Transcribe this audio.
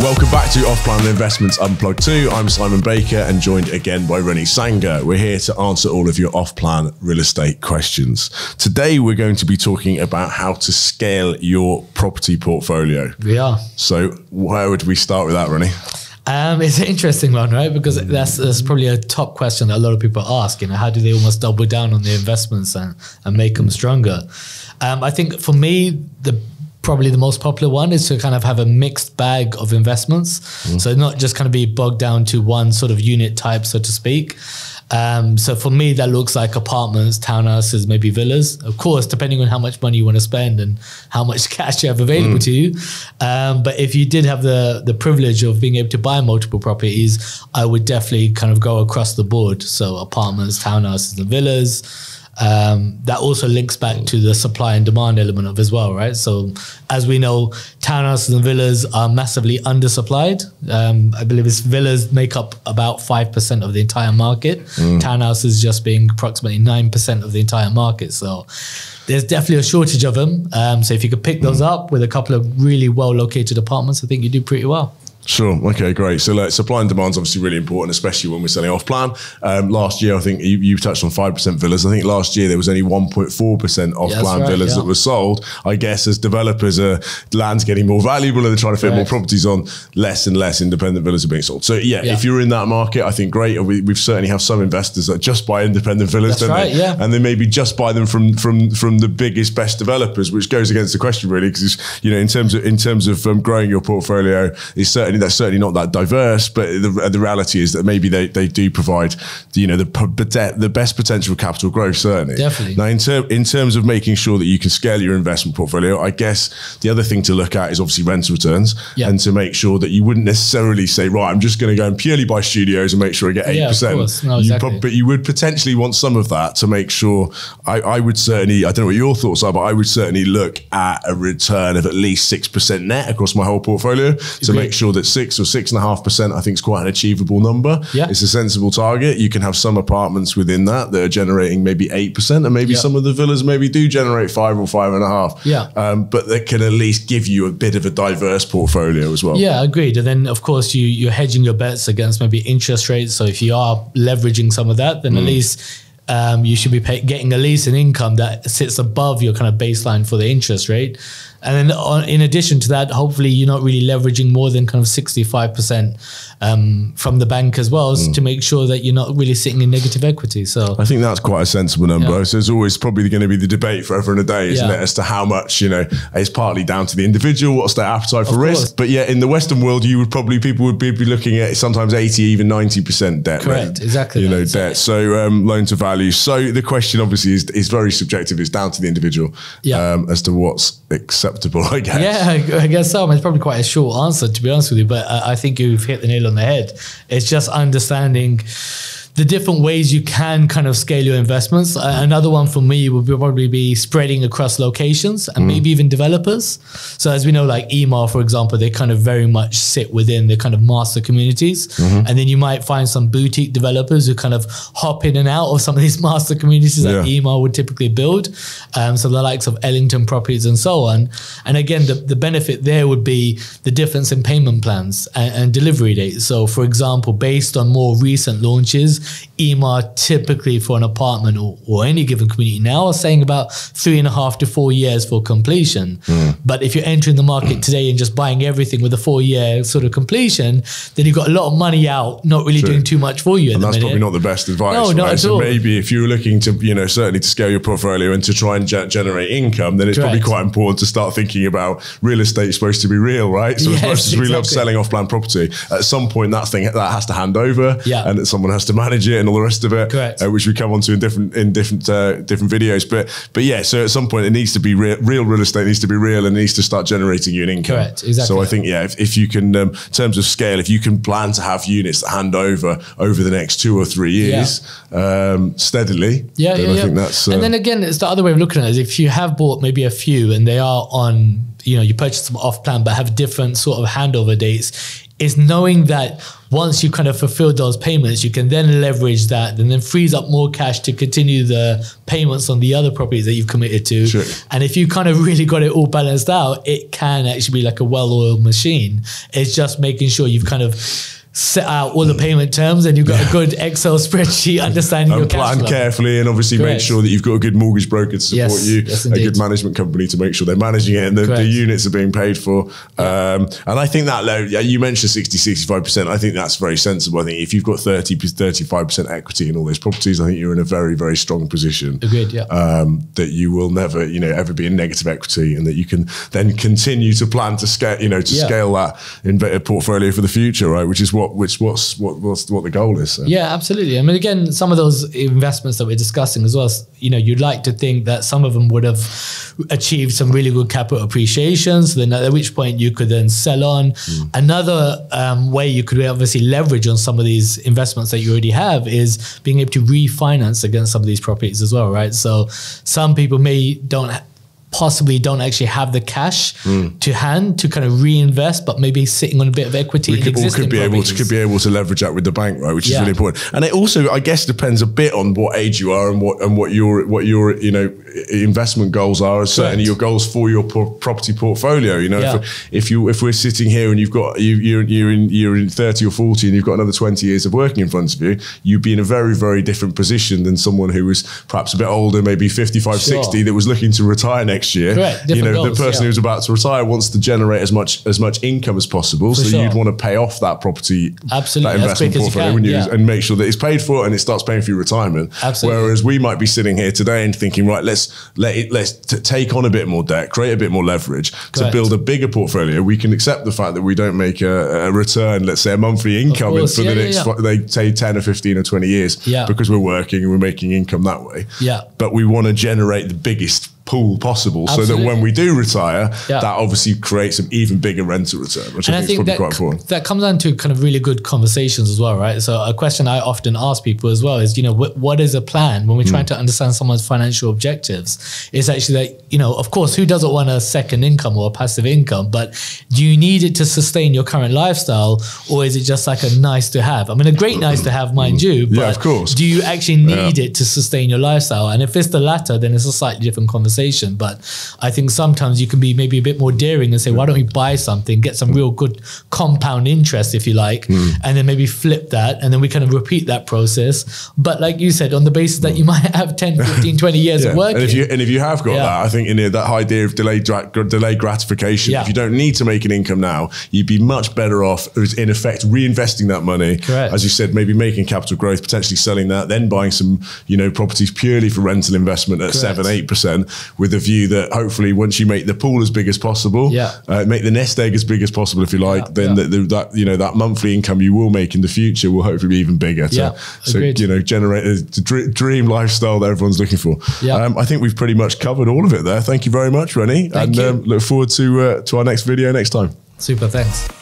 Welcome back to Off Plan Investments Unplugged 2. I'm Simon Baker and joined again by Rennie Sanger. We're here to answer all of your off plan real estate questions. Today, we're going to be talking about how to scale your property portfolio. We are. So, where would we start with that, Rennie? Um, it's an interesting one, right? Because mm. that's, that's probably a top question that a lot of people ask. You know, how do they almost double down on their investments and, and make them stronger? Um, I think for me, the probably the most popular one is to kind of have a mixed bag of investments. Mm. So not just kind of be bogged down to one sort of unit type, so to speak. Um, so for me, that looks like apartments, townhouses, maybe villas. Of course, depending on how much money you want to spend and how much cash you have available mm. to you. Um, but if you did have the the privilege of being able to buy multiple properties, I would definitely kind of go across the board. So apartments, townhouses, and villas um, that also links back to the supply and demand element of as well, right? So as we know, townhouses and villas are massively undersupplied. Um, I believe it's villas make up about five percent of the entire market. Mm. Townhouses just being approximately nine percent of the entire market. So there's definitely a shortage of them. Um, so if you could pick those up with a couple of really well located apartments, I think you do pretty well. Sure. Okay, great. So like, supply and demand is obviously really important, especially when we're selling off plan. Um, last year, I think you, you touched on 5% villas. I think last year there was only 1.4% off plan right, villas yeah. that were sold. I guess as developers, uh, land's getting more valuable and they're trying to fit right. more properties on, less and less independent villas are being sold. So yeah, yeah. if you're in that market, I think great. We, have certainly have some investors that just buy independent villas, That's right, they? Yeah. And they maybe just buy them from, from, from the biggest, best developers, which goes against the question really, because you know, in terms of, in terms of um, growing your portfolio, it's certainly they're certainly not that diverse, but the, the reality is that maybe they, they do provide, you know, the the best potential capital growth certainly. Definitely. Now, in, ter in terms of making sure that you can scale your investment portfolio, I guess the other thing to look at is obviously rental returns yeah. and to make sure that you wouldn't necessarily say, right, I'm just going to go and purely buy studios and make sure I get eight yeah, percent. No, exactly. but you would potentially want some of that to make sure. I, I would certainly, I don't know what your thoughts are, but I would certainly look at a return of at least six percent net across my whole portfolio Agreed. to make sure that six or six and a half percent, I think, is quite an achievable number. Yeah. It's a sensible target. You can have some apartments within that that are generating maybe eight percent, and maybe yeah. some of the villas maybe do generate five or five and a half. Yeah. Um, but that can at least give you a bit of a diverse portfolio as well. Yeah, agreed. And then of course you you're hedging your bets against maybe interest rates. So if you are leveraging some of that, then mm. at least um, you should be pay, getting at least an income that sits above your kind of baseline for the interest rate. And then on, in addition to that, hopefully you're not really leveraging more than kind of 65% um, from the bank as well mm. to make sure that you're not really sitting in negative equity. So I think that's quite a sensible number. Yeah. So there's always probably going to be the debate forever and a day, isn't yeah. it? As to how much, you know, it's partly down to the individual, what's their appetite for risk. But yeah, in the Western world, you would probably, people would be, be looking at sometimes 80, even 90% debt. Correct, exactly. You know, debt. So um, loan to value. So the question obviously is, is very subjective. It's down to the individual yeah. um, as to what's acceptable acceptable, I guess. Yeah, I guess so. I mean, it's probably quite a short answer, to be honest with you, but I, I think you've hit the nail on the head. It's just understanding the different ways you can kind of scale your investments. Uh, another one for me would probably be spreading across locations and mm. maybe even developers. So as we know, like Ema, for example, they kind of very much sit within the kind of master communities. Mm-hmm. And then you might find some boutique developers who kind of hop in and out of some of these master communities yeah. that Ema would typically build. Um, so the likes of Ellington properties and so on. And again, the, the benefit there would be the difference in payment plans and, and delivery dates. So for example, based on more recent launches, EMA typically for an apartment or, or any given community now are saying about three and a half to four years for completion. Mm. But if you're entering the market hmm. today and just buying everything with a four year sort of completion, then you've got a lot of money out, not really True. doing too much for you. and that's minute. probably not the best advice. No, right? not at so all. maybe if you're looking to, you know, certainly to scale your portfolio and to try and ge generate income, then it's Correct. probably quite important to start thinking about real estate supposed to be real, right? So yes, as much as we exactly. love selling off plan property, at some point that thing that has to hand over yeah. and that someone has to manage manage it and all the rest of it. Correct. Uh, which we come to in different in different uh, different videos. But but yeah, so at some point it needs to be re real. Real estate needs to be real and needs to start generating you an income. Correct. Exactly. So I think yeah, if, if you can, um, in terms of scale, if you can plan to have units that hand over over the next two or three years yeah. um, steadily, yeah, yeah, I yeah. think that's. Uh, and then again, it's the other way of looking at it. if you have bought maybe a few and they are on you know you purchase them off plan but have different sort of handover dates is knowing that once you kind of fulfill those payments, you can then leverage that and then frees up more cash to continue the payments on the other properties that you've committed to. Sure. And if you kind of really got it all balanced out, it can actually be like a well oiled machine. It's just making sure you've kind of set out all the payment terms and you've got yeah. a good Excel spreadsheet understanding and your plan cash flow. carefully and obviously Correct. make sure that you've got a good mortgage broker to support yes, you, yes, a good management company to make sure they're managing it and the, the units are being paid for. Um, and I think that low, yeah, you mentioned 60, 65%. I think that's very sensible. I think if you've got 30, 35% equity in all those properties, I think you're in a very, very strong position. Agreed, yeah. Um, that you will never, you know, ever be in negative equity and that you can then continue to plan to scale, you know, to yeah. scale that in portfolio for the future, right? Which is what what which what's what what's what the goal is. So. Yeah, absolutely. I mean, again, some of those investments that we're discussing as well. You know, you'd like to think that some of them would have achieved some really good capital appreciation. So then, at which point you could then sell on. Mm. Another um, way you could obviously leverage on some of these investments that you already have is being able to refinance against some of these properties as well, right? So some people may don't possibly don't actually have the cash mm. to hand to kind of reinvest, but maybe sitting on a bit of equity. We could, all could be properties. able to could be able to leverage that with the bank, right? Which yeah. is really important. And it also, I guess, depends a bit on what age you are and what and what your what your you know investment goals are, and certainly your goals for your pro property portfolio. You know, yeah. if, if, you if we're sitting here and you've got you, you're you're in you're in thirty or forty and you've got another twenty years of working in front of you, you'd be in a very very different position than someone who was perhaps a bit older, maybe 55, sure. 60, that was looking to retire next next year. Correct. you know, goals, the person yeah. who's about to retire wants to generate as much as much income as possible. For so sure. you'd want to pay off that property, absolutely, that investment portfolio, yeah. and make sure that it's paid for and it starts paying for your retirement. Absolutely. Whereas we might be sitting here today and thinking, right, let's let it, let's take on a bit more debt, create a bit more leverage Correct. to build a bigger portfolio. We can accept the fact that we don't make a, a return, let's say, a monthly income course, in for yeah, the next they say ten or fifteen or twenty years, because we're working and we're making income that way. Yeah, but we want to generate the biggest pool possible Absolutely. so that when we do retire, yeah. that obviously creates an even bigger rental return, which and I think, I think is probably quite important. That comes down to kind of really good conversations as well, right? So a question I often ask people as well is, you know, wh- what is a plan when we're trying mm. to understand someone's financial objectives? Is actually that, you know, of course, who doesn't want a second income or a passive income, but do you need it to sustain your current lifestyle or is it just like a nice to have? I mean, a great nice to have, mind hmm. you, but yeah, of course. do you actually need yeah. it to sustain your lifestyle? And if it's the latter, then it's a slightly different conversation conversation. But I think sometimes you can be maybe a bit more daring and say, why don't we buy something, get some real good compound interest, if you like, mm. and then maybe flip that. And then we kind of repeat that process. But like you said, on the basis that you might have 10, 15, 20 years yeah. of work. And if you, and if you have got yeah. that, I think in that idea of delayed, delayed gratification, yeah. if you don't need to make an income now, you'd be much better off in effect reinvesting that money. Correct. As you said, maybe making capital growth, potentially selling that, then buying some, you know, properties purely for rental investment at Correct. seven, eight percent, with the view that hopefully once you make the pool as big as possible, yeah. uh, make the nest egg as big as possible, if you like, yeah, then yeah. The, the, that you know that monthly income you will make in the future will hopefully be even bigger. To, yeah, so you know, generate a uh, dream lifestyle that everyone's looking for. Yeah. Um, I think we've pretty much covered all of it there. Thank you very much, Rennie, Thank and um, look forward to uh, to our next video next time. Super, thanks.